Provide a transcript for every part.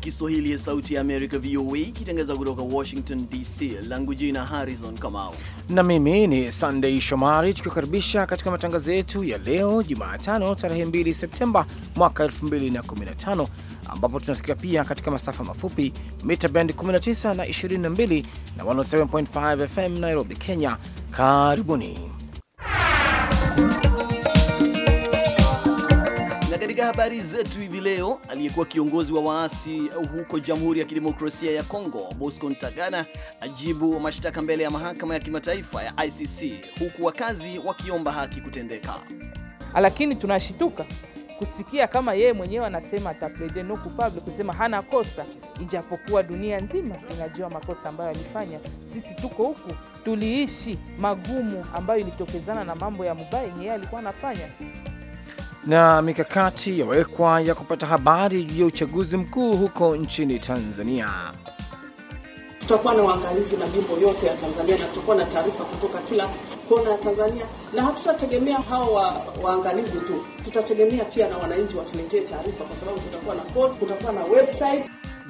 Kiswahili ya Sauti ya Amerika, VOA, ikitangaza kutoka Washington DC. Langu jina Harrison Kamau na mimi ni Sunday Shomari, tukiwakaribisha katika matangazo yetu ya leo Jumatano tarehe 2 Septemba mwaka 2015 ambapo tunasikia pia katika masafa mafupi mita band 19 na 22 na 107.5 FM Nairobi, Kenya. Karibuni. katika habari zetu hivi leo, aliyekuwa kiongozi wa waasi huko Jamhuri ya Kidemokrasia ya Kongo, Bosco Ntagana ajibu mashtaka mbele ya mahakama ya kimataifa ya ICC, huku wakazi wakiomba haki kutendeka. Lakini tunashituka kusikia kama yeye mwenyewe anasema ataplede no coupable, kusema hana kosa, ijapokuwa dunia nzima inajua makosa ambayo alifanya. Sisi tuko huku, tuliishi magumu ambayo ilitokezana na mambo ya mubaya yenye yeye alikuwa anafanya na mikakati yawekwa ya kupata habari juu ya uchaguzi mkuu huko nchini Tanzania. Tutakuwa na waangalizi majimbo yote ya Tanzania na tutakuwa na taarifa kutoka kila kona ya Tanzania, na hatutategemea hao wa, waangalizi tu, tutategemea pia na wananchi watuletee taarifa, kwa sababu tutakuwa na pod, kutakuwa na website.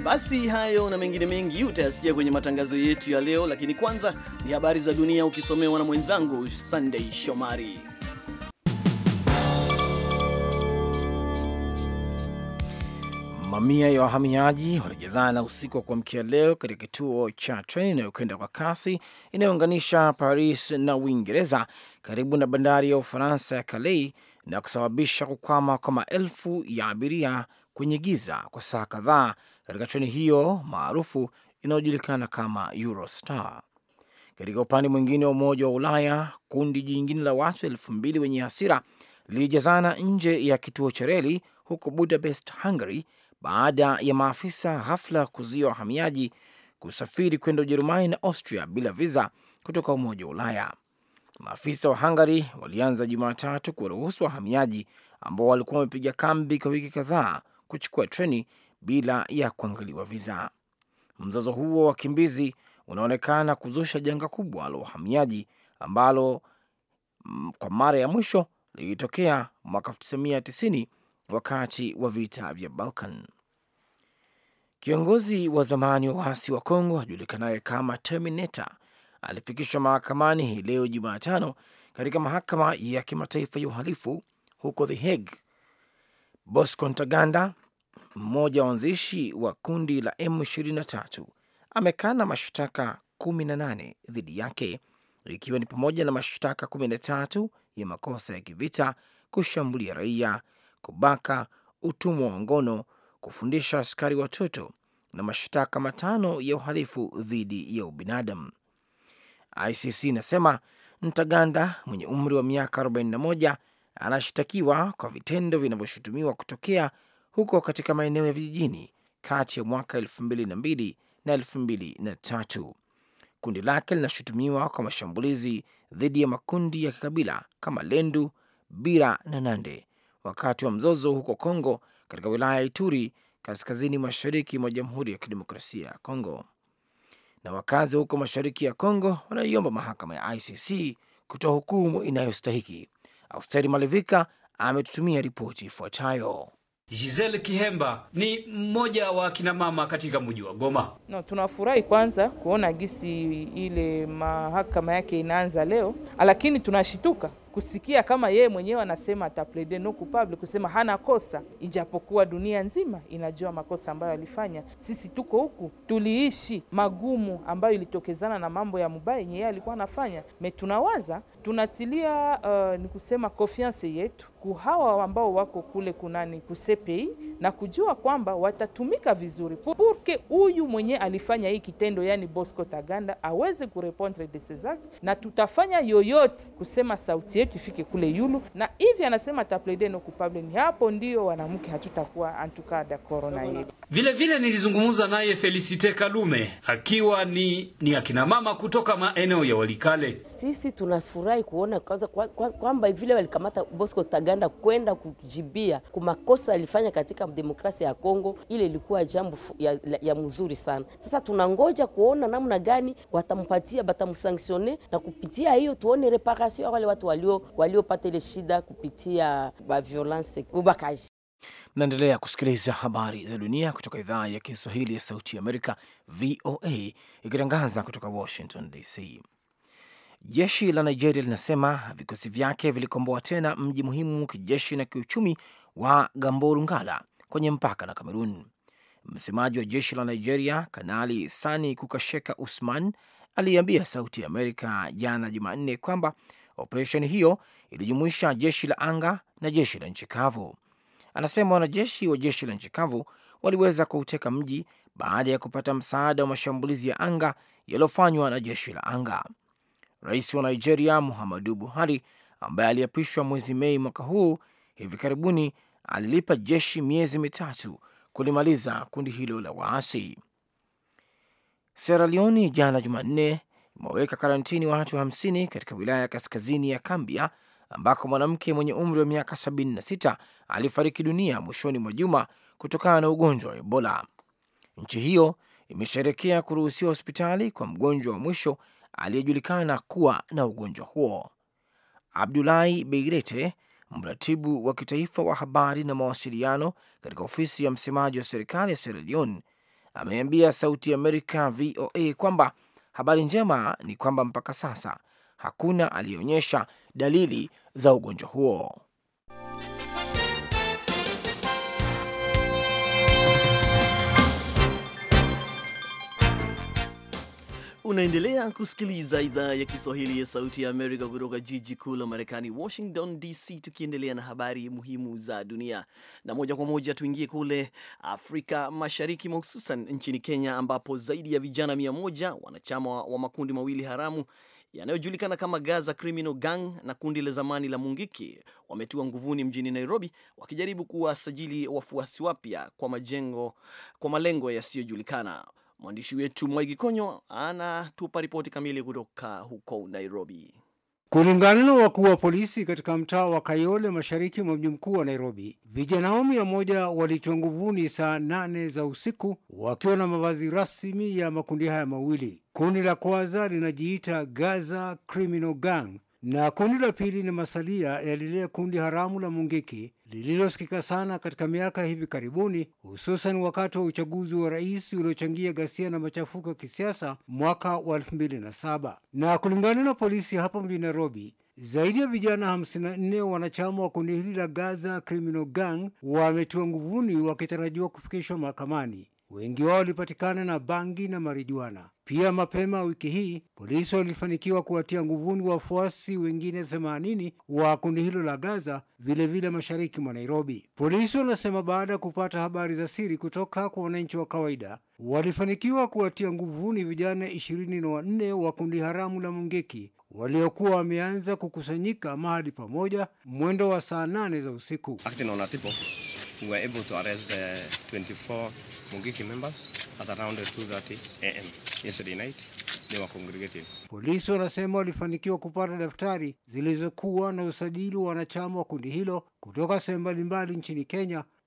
Basi hayo na mengine mengi utayasikia kwenye matangazo yetu ya leo, lakini kwanza ni habari za dunia ukisomewa na mwenzangu Sunday Shomari. Mamia ya wahamiaji wanajazana usiku wa kuamkia leo katika kituo cha treni inayokwenda kwa kasi inayounganisha Paris na Uingereza karibu na bandari ya Ufaransa ya Calais na kusababisha kukwama kwa maelfu ya abiria kwenye giza kwa saa kadhaa katika treni hiyo maarufu inayojulikana kama Eurostar. Katika upande mwingine wa Umoja wa Ulaya, kundi jingine la watu elfu mbili wenye hasira lilijazana nje ya kituo cha reli huko Budapest, Hungary baada ya maafisa ghafla kuzuia wahamiaji kusafiri kwenda Ujerumani na Austria bila viza kutoka Umoja wa Ulaya. Maafisa wa Hungary walianza Jumatatu kuwaruhusu wahamiaji ambao walikuwa wamepiga kambi kwa wiki kadhaa kuchukua treni bila ya kuangaliwa viza. Mzozo huo wa wakimbizi unaonekana kuzusha janga kubwa la wahamiaji ambalo mm, kwa mara ya mwisho lilitokea mwaka 1990 wakati wa vita vya Balkan. Kiongozi wa zamani wa waasi wa Kongo ajulikanaye kama Terminator alifikishwa mahakamani hii leo Jumatano katika mahakama ya kimataifa ya uhalifu huko The Hague. Bosco Ntaganda, mmoja wa wanzishi wa kundi la M23, amekana mashtaka 18 dhidi yake ikiwa ni pamoja na mashtaka 13 ya makosa ya kivita, kushambulia raia kubaka, utumwa wa ngono, kufundisha askari watoto na mashtaka matano ya uhalifu dhidi ya ubinadamu. ICC inasema Ntaganda mwenye umri wa miaka 41 anashtakiwa kwa vitendo vinavyoshutumiwa kutokea huko katika maeneo ya vijijini kati ya mwaka 2002 na 2003. Kundi lake linashutumiwa kwa mashambulizi dhidi ya makundi ya kikabila kama Lendu, Bira na Nande wakati wa mzozo huko Kongo, katika wilaya ya Ituri, kaskazini mashariki mwa Jamhuri ya Kidemokrasia ya Kongo. Na wakazi huko mashariki ya Kongo wanaiomba mahakama ya ICC kutoa hukumu inayostahiki. Austeri Malivika ametutumia ripoti ifuatayo. Giselle Kihemba ni mmoja wa kinamama katika mji wa Goma. No, tunafurahi kwanza kuona gisi ile mahakama yake inaanza leo, lakini tunashituka kusikia kama yeye mwenyewe anasema ataplede no coupable, kusema hana kosa, ijapokuwa dunia nzima inajua makosa ambayo alifanya. Sisi tuko huku, tuliishi magumu ambayo ilitokezana na mambo ya mubaya yenye yeye alikuwa anafanya, me tunawaza tunatilia, uh, ni kusema konfianse yetu hawa ambao wako kule kunani kusepei na kujua kwamba watatumika vizuri purke huyu mwenye alifanya hii kitendo, yani Bosco Taganda aweze kurepondre de ses actes, na tutafanya yoyote kusema sauti yetu ifike kule yulu. Na hivi anasema taplede no kupable, ni hapo ndio wanamke hatutakuwa antukada corona yetu. Vile vile nilizungumza naye Felicite Kalume akiwa ni, ni akina mama kutoka maeneo ya Walikale. Sisi tunafurahi kuona kwanza kwamba kwa, kwa, vile walikamata Bosco Taganda Uganda kwenda kujibia kumakosa alifanya katika demokrasia ya Kongo, ile ilikuwa jambo ya, ya mzuri sana. Sasa tunangoja kuona namna gani watampatia batamsanksione na kupitia hiyo tuone reparation ya wale watu walio waliopata ile shida kupitia ba violence ubakaji. Mnaendelea kusikiliza habari za dunia kutoka idhaa ya Kiswahili ya Sauti ya Amerika, VOA, ikitangaza kutoka Washington DC. Jeshi la Nigeria linasema vikosi vyake vilikomboa tena mji muhimu kijeshi na kiuchumi wa Gamborungala kwenye mpaka na Kamerun. Msemaji wa jeshi la Nigeria, Kanali Sani Kukasheka Usman, aliambia Sauti ya Amerika jana Jumanne kwamba operesheni hiyo ilijumuisha jeshi la anga na jeshi la nchi kavu. Anasema wanajeshi wa jeshi la nchi kavu waliweza kuuteka mji baada ya kupata msaada wa mashambulizi ya anga yaliyofanywa na jeshi la anga. Rais wa Nigeria Muhammadu Buhari ambaye aliapishwa mwezi Mei mwaka huu, hivi karibuni alilipa jeshi miezi mitatu kulimaliza kundi hilo la waasi. Sierra Leone jana Jumanne imewaweka karantini watu hamsini katika wilaya ya kaskazini ya Kambia ambako mwanamke mwenye umri wa miaka 76 alifariki dunia mwishoni mwa juma kutokana na ugonjwa wa Ebola. Nchi hiyo imesherekea kuruhusiwa hospitali kwa mgonjwa wa mwisho aliyejulikana kuwa na ugonjwa huo. Abdulahi Beirete, mratibu wa kitaifa wa habari na mawasiliano katika ofisi ya msemaji wa serikali ya Sierra Leone, ameambia Sauti ya Amerika VOA kwamba habari njema ni kwamba mpaka sasa hakuna aliyeonyesha dalili za ugonjwa huo. Unaendelea kusikiliza idhaa ya Kiswahili ya Sauti ya Amerika kutoka jiji kuu la Marekani, Washington DC, tukiendelea na habari muhimu za dunia. Na moja kwa moja tuingie kule Afrika Mashariki, hususan nchini Kenya, ambapo zaidi ya vijana mia moja wanachama wa makundi mawili haramu yanayojulikana kama Gaza Criminal Gang na kundi la zamani la Mungiki wametiwa nguvuni mjini Nairobi wakijaribu kuwasajili wafuasi wapya kwa majengo kwa malengo yasiyojulikana. Mwandishi wetu Mwaigi Konyo anatupa ripoti kamili kutoka huko Nairobi. Kulingana na wakuu wa polisi katika mtaa wa Kayole, mashariki mwa mji mkuu wa Nairobi, vijana hao mia moja walitiwa nguvuni saa nane za usiku wakiwa na mavazi rasmi ya makundi haya mawili. Kundi la kwanza linajiita Gaza Criminal Gang na kundi la pili ni masalia ya lile kundi haramu la Mungiki lililosikika sana katika miaka hivi karibuni, hususan wakati wa uchaguzi wa rais uliochangia ghasia na machafuko ya kisiasa mwaka wa 2007. Na kulingana na polisi hapo mjini Nairobi, zaidi ya vijana 54 wanachama wa kundi hili la Gaza Criminal Gang wametiwa nguvuni wakitarajiwa kufikishwa mahakamani. Wengi wao walipatikana na bangi na marijuana. Pia mapema wiki hii polisi walifanikiwa kuwatia nguvuni wafuasi wengine 80 wa kundi hilo la Gaza, vilevile mashariki mwa Nairobi. Polisi wanasema baada ya kupata habari za siri kutoka kwa wananchi wa kawaida, walifanikiwa kuwatia nguvuni vijana 2na wanne wa kundi haramu la Mungiki waliokuwa wameanza kukusanyika mahali pamoja mwendo wa saa nane za usiku. Mugiki members at around 2:30 am yesterday night they were congregating. Polisi wanasema walifanikiwa kupata daftari zilizokuwa na usajili wa wanachama wa kundi hilo kutoka sehemu mbalimbali nchini Kenya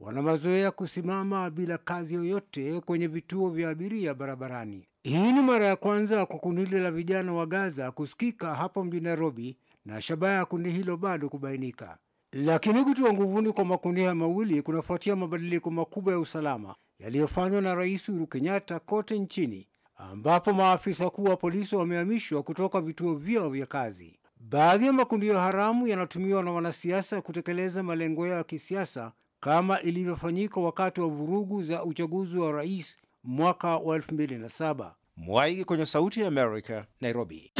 wana mazoea kusimama bila kazi yoyote kwenye vituo vya abiria barabarani. Hii ni mara ya kwanza kwa kundi hilo la vijana wa Gaza kusikika hapo mjini Nairobi, na shabaha ya kundi hilo bado kubainika. Lakini kutiwa nguvuni kwa makundi haya mawili kunafuatia mabadiliko makubwa ya usalama yaliyofanywa na Rais Uhuru Kenyatta kote nchini, ambapo maafisa kuu wa polisi wamehamishwa kutoka vituo vyao vya kazi. Baadhi ya makundi haramu yanatumiwa na wanasiasa kutekeleza malengo yao ya kisiasa kama ilivyofanyika wakati wa vurugu za uchaguzi wa rais mwaka wa 2007. Mwaigi kwenye Sauti ya Amerika, Nairobi.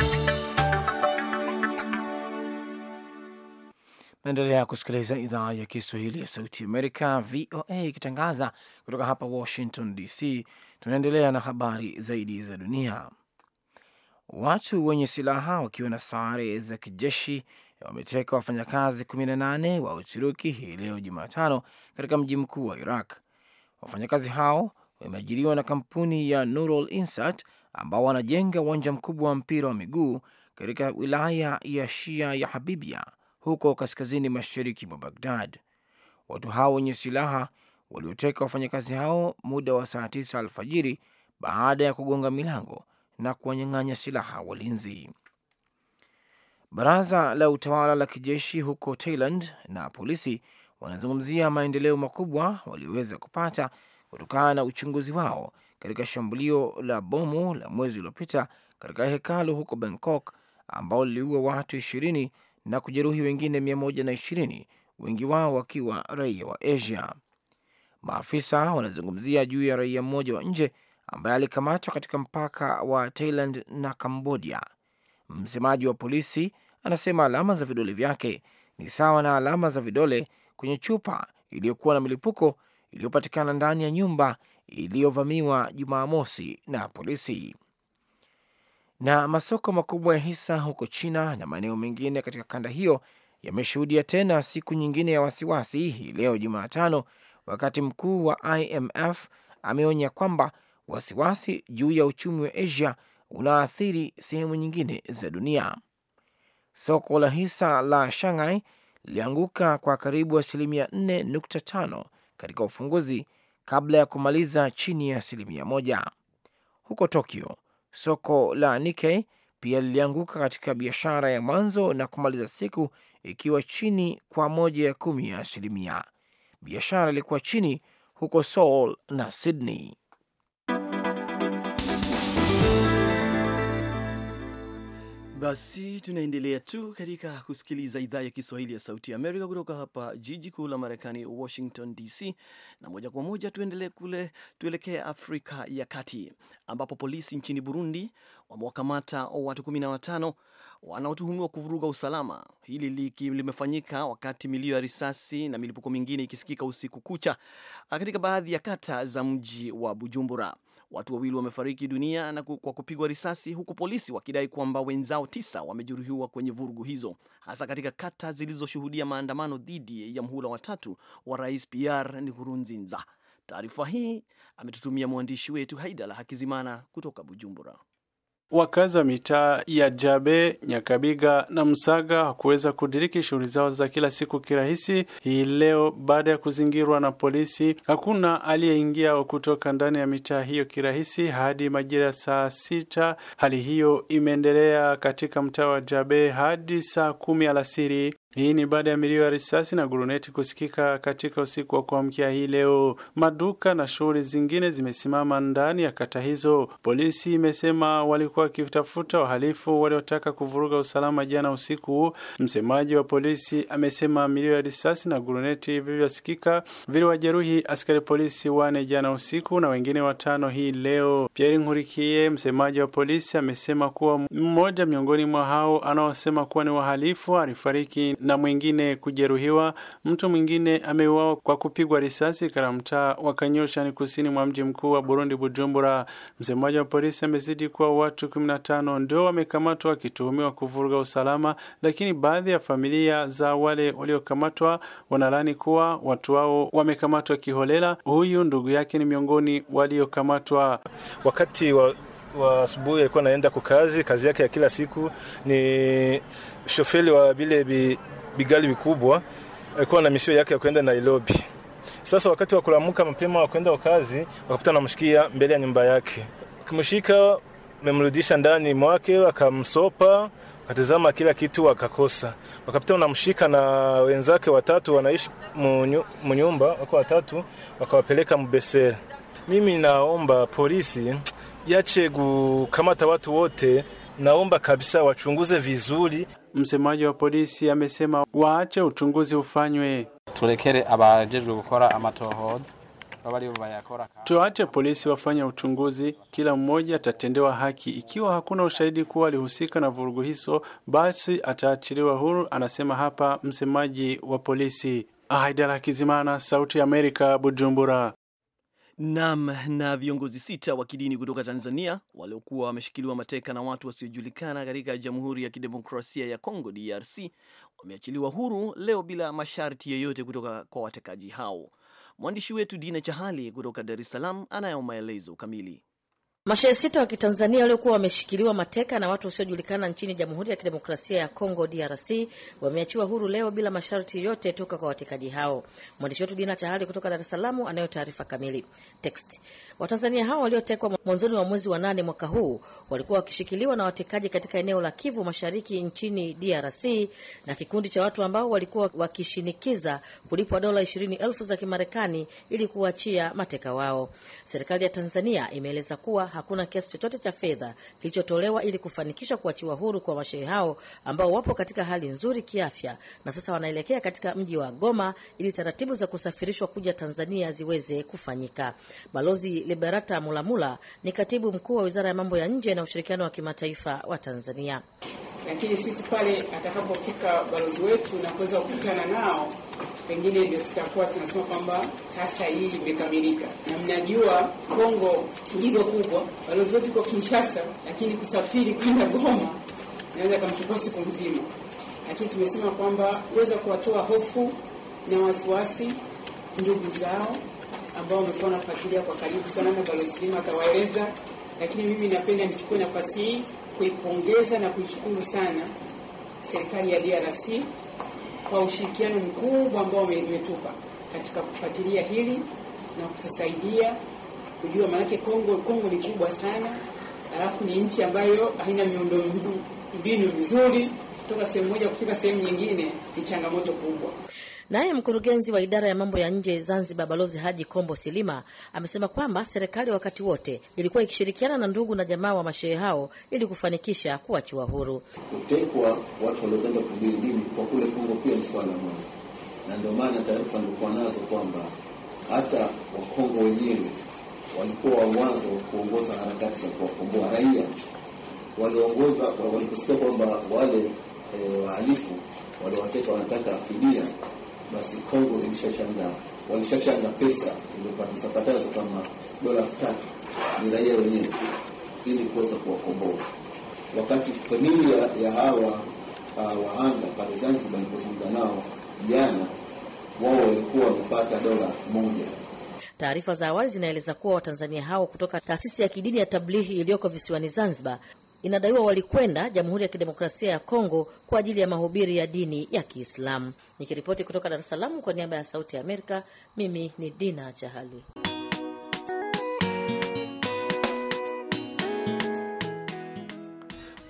Naendelea kusikiliza idhaa ya Kiswahili ya Sauti Amerika, VOA, ikitangaza kutoka hapa Washington DC. Tunaendelea na habari zaidi za dunia. Watu wenye silaha wakiwa na sare za kijeshi wameteka wafanyakazi 18 wa Uturuki hii leo Jumatano katika mji mkuu wa Iraq. Wafanyakazi hao wameajiriwa na kampuni ya Nurol Insat ambao wanajenga uwanja mkubwa wa mpira wa miguu katika wilaya ya Shia ya Habibia huko kaskazini mashariki mwa Bagdad. Watu hao wenye silaha walioteka wafanyakazi hao muda wa saa tisa alfajiri baada ya kugonga milango na kuwanyang'anya silaha walinzi. Baraza la utawala la kijeshi huko Thailand na polisi wanazungumzia maendeleo makubwa walioweza kupata kutokana na uchunguzi wao katika shambulio la bomu la mwezi uliopita katika hekalu huko Bangkok ambao liliua watu ishirini na kujeruhi wengine mia moja na ishirini, wengi wao wakiwa raia wa Asia. Maafisa wanazungumzia juu ya raia mmoja wa nje ambaye alikamatwa katika mpaka wa Thailand na Kambodia Msemaji wa polisi anasema alama za vidole vyake ni sawa na alama za vidole kwenye chupa iliyokuwa na milipuko iliyopatikana ndani ya nyumba iliyovamiwa Jumamosi na polisi. Na masoko makubwa ya hisa huko China na maeneo mengine katika kanda hiyo yameshuhudia tena siku nyingine ya wasiwasi hii leo Jumatano, wakati mkuu wa IMF ameonya kwamba wasiwasi juu ya uchumi wa Asia unaathiri sehemu nyingine za dunia. Soko la hisa la Shanghai lilianguka kwa karibu asilimia 4.5 katika ufunguzi kabla ya kumaliza chini ya asilimia moja. Huko Tokyo, soko la Nikkei pia lilianguka katika biashara ya mwanzo na kumaliza siku ikiwa chini kwa moja ya kumi ya asilimia. Biashara ilikuwa chini huko Seoul na Sydney. Basi tunaendelea tu katika kusikiliza idhaa ya Kiswahili ya Sauti ya Amerika kutoka hapa jiji kuu la Marekani, Washington DC, na moja kwa moja tuendelee kule, tuelekee Afrika ya Kati ambapo polisi nchini Burundi wamewakamata watu 15 wanaotuhumiwa kuvuruga usalama, hili liki, limefanyika wakati milio ya risasi na milipuko mingine ikisikika usiku kucha katika baadhi ya kata za mji wa Bujumbura. Watu wawili wamefariki dunia na kwa kupigwa risasi, huku polisi wakidai kwamba wenzao tisa wamejeruhiwa kwenye vurugu hizo, hasa katika kata zilizoshuhudia maandamano dhidi ya mhula watatu wa rais Pierre Nkurunziza. Taarifa hii ametutumia mwandishi wetu Haidala Hakizimana kutoka Bujumbura. Wakazi wa mitaa ya Jabe, Nyakabiga na Msaga hakuweza kudiriki shughuli zao za kila siku kirahisi hii leo baada ya kuzingirwa na polisi. Hakuna aliyeingia au kutoka ndani ya mitaa hiyo kirahisi hadi majira ya saa sita. Hali hiyo imeendelea katika mtaa wa Jabe hadi saa kumi alasiri. Hii ni baada ya milio ya risasi na guruneti kusikika katika usiku wa kuamkia hii leo. Maduka na shughuli zingine zimesimama ndani ya kata hizo. Polisi imesema walikuwa wakitafuta wahalifu waliotaka kuvuruga usalama jana usiku. Msemaji wa polisi amesema milio ya risasi na guruneti vilivyosikika viliwajeruhi askari polisi wane jana usiku na wengine watano hii leo. Pierre Nkurikiye, msemaji wa polisi, amesema kuwa mmoja miongoni mwa hao anaosema kuwa ni wahalifu alifariki na mwingine kujeruhiwa. Mtu mwingine ameuawa kwa kupigwa risasi katika mtaa wa ni kusini mwa mji mkuu wa Burundi Bujumbura. Msemaji wa polisi amezidi kuwa watu 15 ndio wamekamatwa wakituhumiwa kuvuruga usalama, lakini baadhi ya familia za wale waliokamatwa wanalani kuwa watu wao wamekamatwa kiholela. Huyu ndugu yake ni miongoni waliokamatwa wakati wa wa asubuhi alikuwa anaenda kukazi, kazi yake ya kila siku ni shofeli wa bile bigali vikubwa alikuwa na misio yake ya kwenda Nairobi. Sasa wakati wa kulamuka mapema wa kwenda kazi, wakapata namshikia mbele ya nyumba yake. Kimshika memrudisha ndani mwake, akamsopa, akatazama kila kitu akakosa. Wakapita wanamshika na wenzake watatu wanaishi mu nyumba, wako watatu, wakawapeleka Mbesera. Mimi naomba polisi yache kukamata watu wote, naomba kabisa wachunguze vizuri Msemaji wa polisi amesema waache uchunguzi ufanywe. turekere abajejwe gukora amatohoza tuache polisi wafanya uchunguzi. Kila mmoja atatendewa haki. Ikiwa hakuna ushahidi kuwa alihusika na vurugu hizo, basi ataachiliwa huru, anasema hapa msemaji wa polisi. Haidara Kizimana, Sauti ya Amerika, Bujumbura. Nam na viongozi sita wa kidini kutoka Tanzania waliokuwa wameshikiliwa mateka na watu wasiojulikana katika Jamhuri ya Kidemokrasia ya Kongo DRC wameachiliwa huru leo bila masharti yoyote kutoka kwa watekaji hao. Mwandishi wetu Dina Chahali kutoka Dar es Salaam anayo maelezo kamili. Mashehe sita wa Kitanzania waliokuwa wameshikiliwa mateka na watu wasiojulikana nchini Jamhuri ya Kidemokrasia ya Kongo DRC wameachiwa huru leo bila masharti yote toka kwa watekaji hao. Mwandishi wetu Dina Chahali kutoka Dar es Salaam anayo taarifa kamili. Text. Watanzania hao waliotekwa mwanzoni mwa mwezi wa nane mwaka huu walikuwa wakishikiliwa na watekaji katika eneo la Kivu Mashariki nchini DRC na kikundi cha watu ambao walikuwa wakishinikiza kulipwa dola ishirini elfu za Kimarekani ili kuachia mateka wao. Serikali ya Tanzania imeeleza kuwa hakuna kiasi chochote cha fedha kilichotolewa ili kufanikisha kuachiwa huru kwa mashehe hao ambao wapo katika hali nzuri kiafya na sasa wanaelekea katika mji wa Goma ili taratibu za kusafirishwa kuja Tanzania ziweze kufanyika. Balozi Liberata Mulamula ni katibu mkuu wa Wizara ya Mambo ya Nje na Ushirikiano wa Kimataifa wa Tanzania. Lakini sisi pale atakapofika balozi wetu na kuweza kukutana nao pengine ndio tutakuwa tunasema kwamba sasa hii imekamilika, na mnajua Kongo ndio kubwa, balozi wetu iko Kinshasa, lakini kusafiri kwenda Goma naweza kamchukua siku nzima, lakini tumesema kwamba uweza kuwatoa hofu na wasiwasi ndugu zao ambao wamekuwa wanafuatilia kwa karibu sana, na balozi Lima atawaeleza, lakini mimi napenda nichukue nafasi hii kuipongeza na kuishukuru sana serikali ya DRC kwa ushirikiano mkubwa ambao umetupa katika kufuatilia hili na kutusaidia kujua, maanake Kongo Kongo ni kubwa sana, alafu ni nchi ambayo haina miundombinu mizuri kutoka sehemu moja kufika sehemu nyingine ni changamoto kubwa. Naye mkurugenzi wa idara ya mambo ya nje Zanzibar, Balozi Haji Kombo Silima, amesema kwamba serikali wakati wote ilikuwa ikishirikiana na ndugu na jamaa wa mashehe hao ili kufanikisha kuwachiwa huru. Kutekwa watu waliokwenda kuhubiri dini kwa kule Kongo pia ni swala la mwanzo, na ndio maana taarifa nilikuwa nazo kwamba hata Wakongo wenyewe walikuwa wa mwanzo kuongoza harakati za kuwakomboa raia waliongozwa waliposikia kwamba wale e, wahalifu waliowateka wanataka fidia basi Kongo ilishachanga walishachanga pesa zilizopatapatazo kama dola elfu tatu ni raia wenyewe ili kuweza kuwakomboa. Wakati familia ya hawa uh, wahanga pale Zanzibar ilipozungumza nao jana, wao walikuwa wamepata dola elfu moja. Taarifa za awali zinaeleza kuwa Watanzania hao kutoka taasisi ya kidini ya Tablighi iliyoko visiwani Zanzibar Inadaiwa walikwenda Jamhuri ya Kidemokrasia ya Kongo kwa ajili ya mahubiri ya dini ya Kiislamu. Nikiripoti kutoka Dar es Salaam kwa niaba ya Sauti ya Amerika, mimi ni Dina Chahali.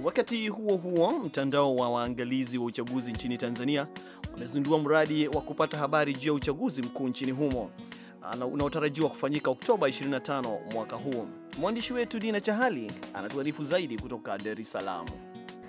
Wakati huo huo, mtandao wa waangalizi wa uchaguzi nchini Tanzania wamezindua mradi wa kupata habari juu ya uchaguzi mkuu nchini humo unaotarajiwa kufanyika Oktoba 25 mwaka huu. Mwandishi wetu Dina Chahali anatuarifu zaidi kutoka Dar es Salaam.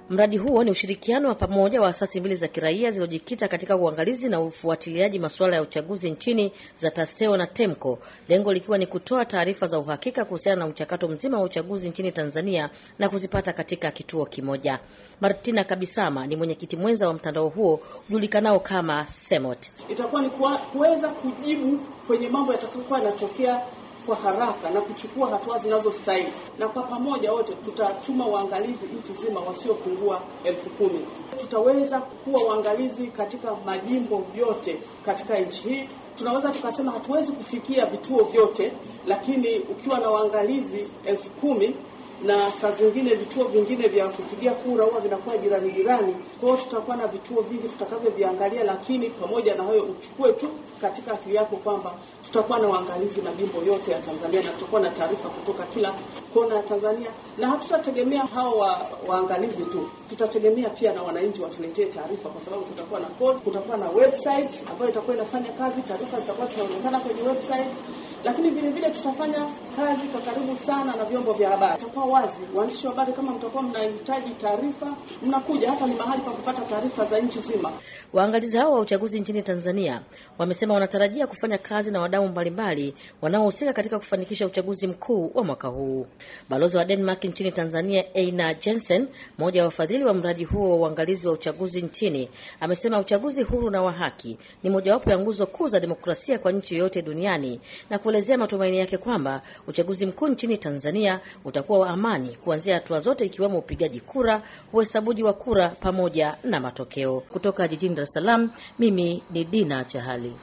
Mradi huo ni ushirikiano wa pamoja wa asasi mbili za kiraia zilizojikita katika uangalizi na ufuatiliaji masuala ya uchaguzi nchini za TASEO na TEMCO, lengo likiwa ni kutoa taarifa za uhakika kuhusiana na mchakato mzima wa uchaguzi nchini Tanzania na kuzipata katika kituo kimoja. Martina Kabisama ni mwenyekiti mwenza wa mtandao huo ujulikanao kama SEMOT. Itakuwa ni kuweza kujibu kwenye mambo yatakayokuwa yanatokea kwa haraka na kuchukua hatua zinazostahili, na kwa pamoja wote tutatuma waangalizi nchi zima wasiopungua elfu kumi. Tutaweza kuwa waangalizi katika majimbo yote katika nchi hii. Tunaweza tukasema hatuwezi kufikia vituo vyote, lakini ukiwa na waangalizi elfu kumi na saa zingine vituo vingine vya kupigia kura huwa vinakuwa jirani jirani. Kwa hiyo tutakuwa na vituo vingi tutakavyoviangalia, lakini pamoja na hayo uchukue tu katika akili yako kwamba tutakuwa na waangalizi majimbo yote ya Tanzania na tutakuwa na taarifa kutoka kila kona ya Tanzania, na hatutategemea hao wa, waangalizi tu, tutategemea pia na wananchi watuletee taarifa, kwa sababu kutakuwa na code, kutakuwa na website ambayo itakuwa inafanya kazi, taarifa zitakuwa zinaonekana kwenye website, lakini vile vile tutafanya kazi kwa karibu sana na vyombo vya habari. Itakuwa wazi, waandishi wa habari kama mtakuwa mnahitaji taarifa, mnakuja. Hapa ni mahali pa kupata taarifa za nchi zima. Waangalizi hao wa uchaguzi nchini Tanzania wamesema wanatarajia kufanya kazi na wadau mbalimbali wanaohusika katika kufanikisha uchaguzi mkuu wa mwaka huu. Balozi wa Denmark nchini Tanzania Eina Jensen, mmoja wa wafadhili wa mradi huo wa uangalizi wa uchaguzi nchini, amesema uchaguzi huru na wa haki ni mojawapo ya nguzo kuu za demokrasia kwa nchi yoyote duniani na kuelezea matumaini yake kwamba uchaguzi mkuu nchini Tanzania utakuwa wa amani kuanzia hatua zote, ikiwemo upigaji kura, uhesabuji wa kura pamoja na matokeo. Kutoka jijini Dar es Salaam, mimi ni Dina Chahali.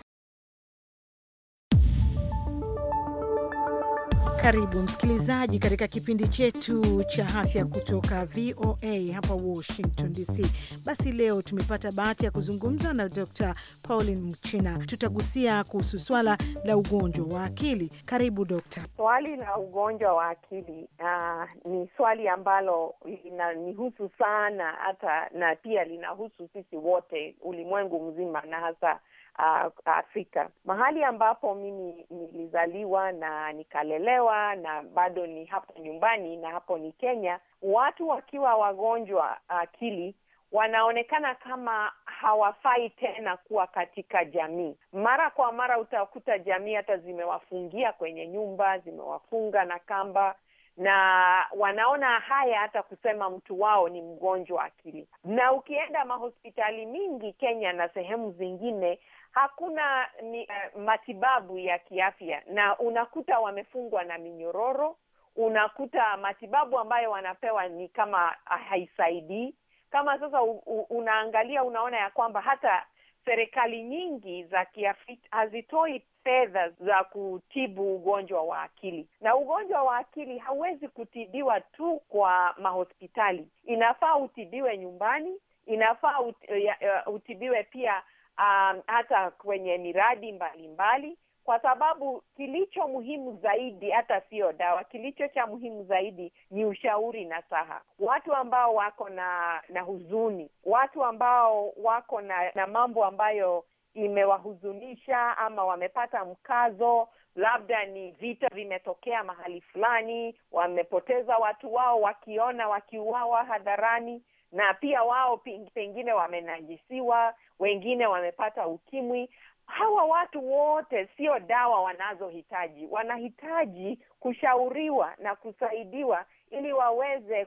Karibu msikilizaji katika kipindi chetu cha afya kutoka VOA hapa Washington DC. Basi leo tumepata bahati ya kuzungumza na Dr Pauline Mchina. Tutagusia kuhusu swala la ugonjwa wa akili. Karibu Dokta. Swali la ugonjwa wa akili uh, ni swali ambalo linanihusu sana hata na pia linahusu sisi wote, ulimwengu mzima, na hasa uh, Afrika, mahali ambapo mimi nilizaliwa na nikalelewa na bado ni hapo nyumbani, na hapo ni Kenya. Watu wakiwa wagonjwa akili wanaonekana kama hawafai tena kuwa katika jamii. Mara kwa mara utakuta jamii hata zimewafungia kwenye nyumba, zimewafunga na kamba na wanaona haya hata kusema mtu wao ni mgonjwa akili. Na ukienda mahospitali mingi Kenya na sehemu zingine, hakuna ni, uh, matibabu ya kiafya, na unakuta wamefungwa na minyororo, unakuta matibabu ambayo wanapewa ni kama ah, haisaidii. Kama sasa u, u, unaangalia unaona ya kwamba hata serikali nyingi za Kiafrika hazitoi fedha za kutibu ugonjwa wa akili, na ugonjwa wa akili hauwezi kutibiwa tu kwa mahospitali. Inafaa utibiwe nyumbani, inafaa ut, uh, utibiwe pia um, hata kwenye miradi mbalimbali mbali, kwa sababu kilicho muhimu zaidi hata sio dawa. Kilicho cha muhimu zaidi ni ushauri na saha, watu ambao wako na na huzuni, watu ambao wako na, na mambo ambayo imewahuzunisha ama wamepata mkazo, labda ni vita vimetokea mahali fulani, wamepoteza watu wao, wakiona wakiuawa hadharani na pia wao pengine wamenajisiwa, wengine wamepata ukimwi. Hawa watu wote sio dawa wanazohitaji, wanahitaji kushauriwa na kusaidiwa ili waweze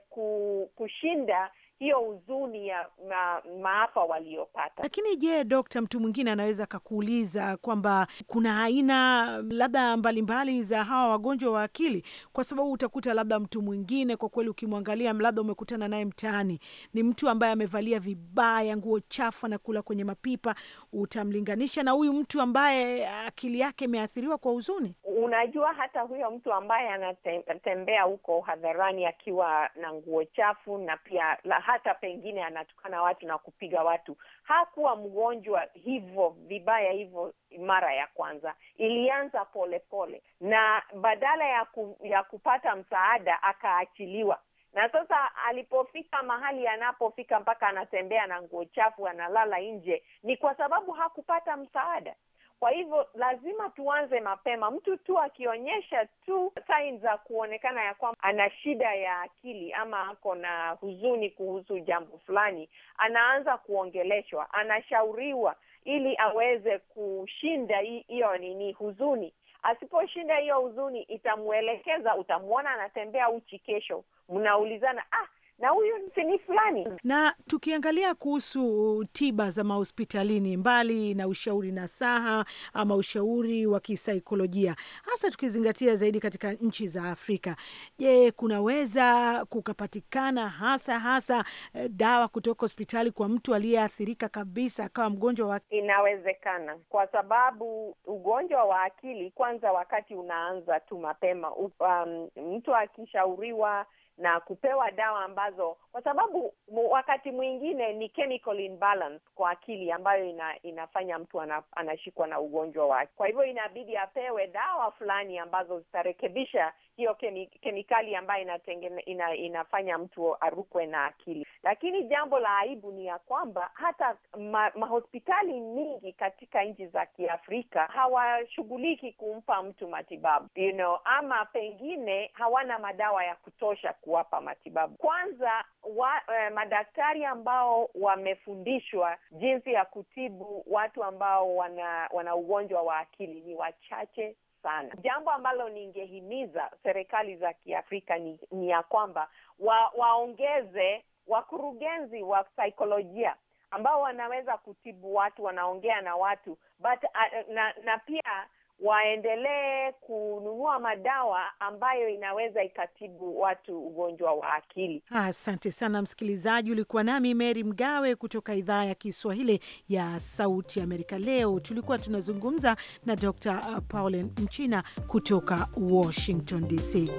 kushinda hiyo huzuni ya ma, maafa waliopata. Lakini je, dokta, mtu mwingine anaweza akakuuliza kwamba kuna aina labda mbalimbali za hawa wagonjwa wa akili, kwa sababu utakuta labda mtu mwingine kwa kweli, ukimwangalia labda umekutana naye mtaani, ni mtu ambaye amevalia vibaya, nguo chafu, anakula kwenye mapipa, utamlinganisha na huyu mtu ambaye akili yake imeathiriwa kwa huzuni. Unajua, hata huyo mtu ambaye anatembea huko hadharani akiwa na nguo chafu na pia hata pengine anatukana watu na kupiga watu. Hakuwa mgonjwa hivyo vibaya hivyo mara ya kwanza, ilianza polepole pole. Na badala ya, ku, ya kupata msaada akaachiliwa na sasa alipofika mahali anapofika mpaka anatembea na nguo chafu, analala nje, ni kwa sababu hakupata msaada. Kwa hivyo lazima tuanze mapema. Mtu tu akionyesha tu signs za kuonekana ya kwamba ana shida ya akili ama ako na huzuni kuhusu jambo fulani, anaanza kuongeleshwa, anashauriwa ili aweze kushinda hiyo nini, huzuni. Asiposhinda hiyo huzuni, itamwelekeza utamwona anatembea uchi, kesho mnaulizana, ah na huyu ni fulani. Na tukiangalia kuhusu tiba za mahospitalini, mbali na ushauri na saha ama ushauri wa kisaikolojia, hasa tukizingatia zaidi katika nchi za Afrika, je, kunaweza kukapatikana hasa hasa eh, dawa kutoka hospitali kwa mtu aliyeathirika kabisa akawa mgonjwa wa? Inawezekana, kwa sababu ugonjwa wa akili kwanza, wakati unaanza tu mapema, um, mtu akishauriwa na kupewa dawa ambazo, kwa sababu wakati mwingine ni chemical imbalance kwa akili ambayo ina, inafanya mtu anashikwa na ugonjwa wake. Kwa hivyo inabidi apewe dawa fulani ambazo zitarekebisha kemi, kemikali ambayo inatengene, ina, inafanya mtu arukwe na akili. Lakini jambo la aibu ni ya kwamba hata ma, mahospitali mingi katika nchi za Kiafrika hawashughuliki kumpa mtu matibabu you know, ama pengine hawana madawa ya kutosha kuwapa matibabu. Kwanza wa, eh, madaktari ambao wamefundishwa jinsi ya kutibu watu ambao wana, wana ugonjwa wa akili ni wachache sana. Jambo ambalo ningehimiza serikali za Kiafrika ni, ni ya kwamba wa, waongeze wakurugenzi wa saikolojia ambao wanaweza kutibu watu, wanaongea na watu but, uh, na, na pia waendelee kununua madawa ambayo inaweza ikatibu watu ugonjwa wa akili. Asante sana msikilizaji, ulikuwa nami Meri Mgawe kutoka idhaa ya Kiswahili ya Sauti Amerika. Leo tulikuwa tunazungumza na Dr. Paulen Mchina kutoka Washington DC.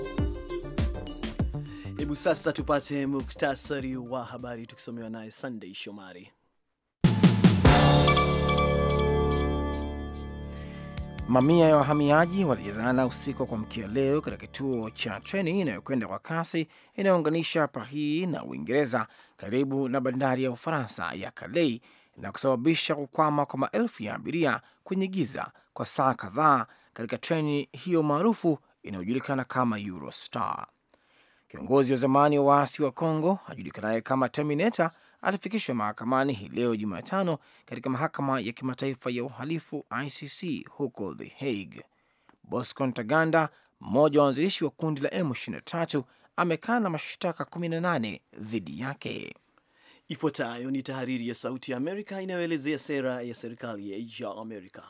Hebu sasa tupate muktasari wa habari tukisomewa naye sandei Shomari. Mamia ya wahamiaji walijazana usiku wa kuamkia leo katika kituo cha treni inayokwenda kwa kasi inayounganisha Paris na Uingereza karibu na bandari ya Ufaransa ya Calais na kusababisha kukwama kwa maelfu ya abiria kwenye giza kwa saa kadhaa katika treni hiyo maarufu inayojulikana kama Eurostar. Kiongozi wa zamani wa waasi wa congo ajulikanaye kama Terminator atafikishwa mahakamani hii leo Jumatano katika mahakama ya kimataifa ya uhalifu ICC huko The Hague. Bosco Ntaganda, mmoja wa wanzilishi wa kundi la M23, amekaa na mashtaka 18 dhidi yake. Ifuatayo ni tahariri ya Sauti ya Amerika inayoelezea sera ya serikali ya Amerika.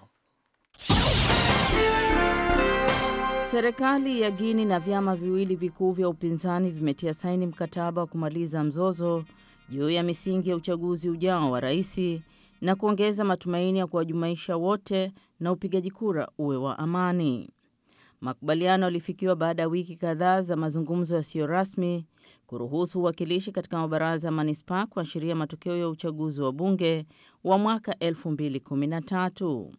Serikali ya Guini na vyama viwili vikuu vya upinzani vimetia saini mkataba wa kumaliza mzozo juu ya misingi ya uchaguzi ujao wa rais na kuongeza matumaini ya kuwajumaisha wote na upigaji kura uwe wa amani. Makubaliano yalifikiwa baada ya wiki kadhaa za mazungumzo yasiyo rasmi kuruhusu uwakilishi katika mabaraza ya manispaa kuashiria matokeo ya uchaguzi wa bunge wa mwaka 2013.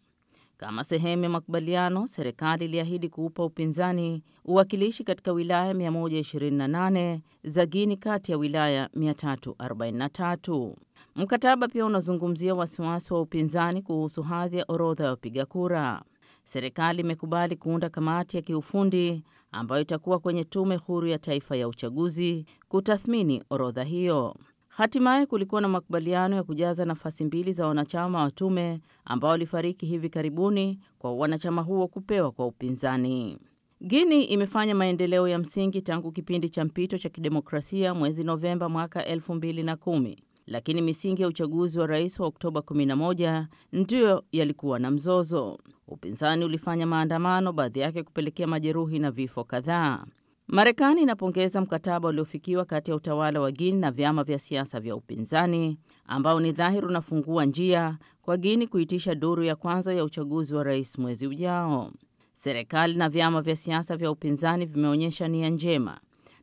Kama sehemu ya makubaliano, serikali iliahidi kuupa upinzani uwakilishi katika wilaya 128 za Guini kati ya wilaya 343. Mkataba pia unazungumzia wasiwasi wa upinzani kuhusu hadhi ya orodha ya wapiga kura. Serikali imekubali kuunda kamati ya kiufundi ambayo itakuwa kwenye tume huru ya taifa ya uchaguzi kutathmini orodha hiyo. Hatimaye kulikuwa na makubaliano ya kujaza nafasi mbili za wanachama wa tume ambao walifariki hivi karibuni kwa wanachama huo kupewa kwa upinzani. Guini imefanya maendeleo ya msingi tangu kipindi cha mpito cha kidemokrasia mwezi Novemba mwaka 2010 lakini misingi ya uchaguzi wa rais wa Oktoba 11 ndiyo yalikuwa na mzozo. Upinzani ulifanya maandamano, baadhi yake kupelekea majeruhi na vifo kadhaa. Marekani inapongeza mkataba uliofikiwa kati ya utawala wa Guini na vyama vya siasa vya upinzani ambao ni dhahiri unafungua njia kwa Guini kuitisha duru ya kwanza ya uchaguzi wa rais mwezi ujao. Serikali na vyama vya siasa vya upinzani vimeonyesha nia njema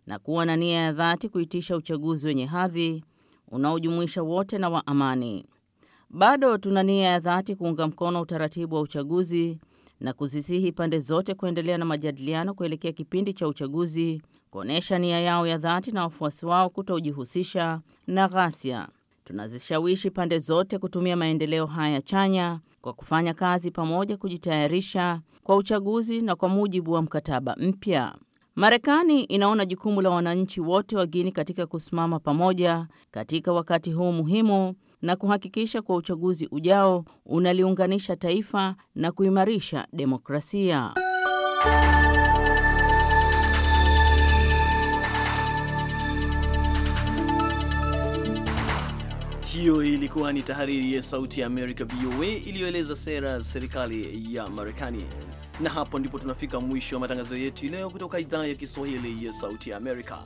na kuwa na nia ya dhati kuitisha uchaguzi wenye hadhi unaojumuisha wote na wa amani. Bado tuna nia ya dhati kuunga mkono utaratibu wa uchaguzi na kuzisihi pande zote kuendelea na majadiliano kuelekea kipindi cha uchaguzi, kuonyesha nia yao ya dhati na wafuasi wao kutojihusisha na ghasia. Tunazishawishi pande zote kutumia maendeleo haya chanya kwa kufanya kazi pamoja, kujitayarisha kwa uchaguzi na kwa mujibu wa mkataba mpya. Marekani inaona jukumu la wananchi wote wa Guinea katika kusimama pamoja katika wakati huu muhimu na kuhakikisha kuwa uchaguzi ujao unaliunganisha taifa na kuimarisha demokrasia. Hiyo ilikuwa ni tahariri ya Sauti ya Amerika, VOA, iliyoeleza sera za serikali ya Marekani. Na hapo ndipo tunafika mwisho wa matangazo yetu leo kutoka idhaa ya Kiswahili ya Sauti ya Amerika.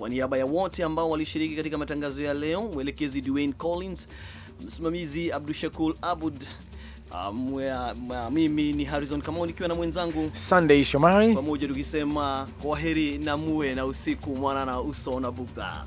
Kwa niaba ya wote ambao walishiriki katika matangazo ya leo, mwelekezi Dwayne Collins, msimamizi Abdushakur Abud. Um, mimi ni Harrison Kamau nikiwa na mwenzangu Sunday Shomari, pamoja tukisema kwaheri na muwe na usiku na uso na bugdha.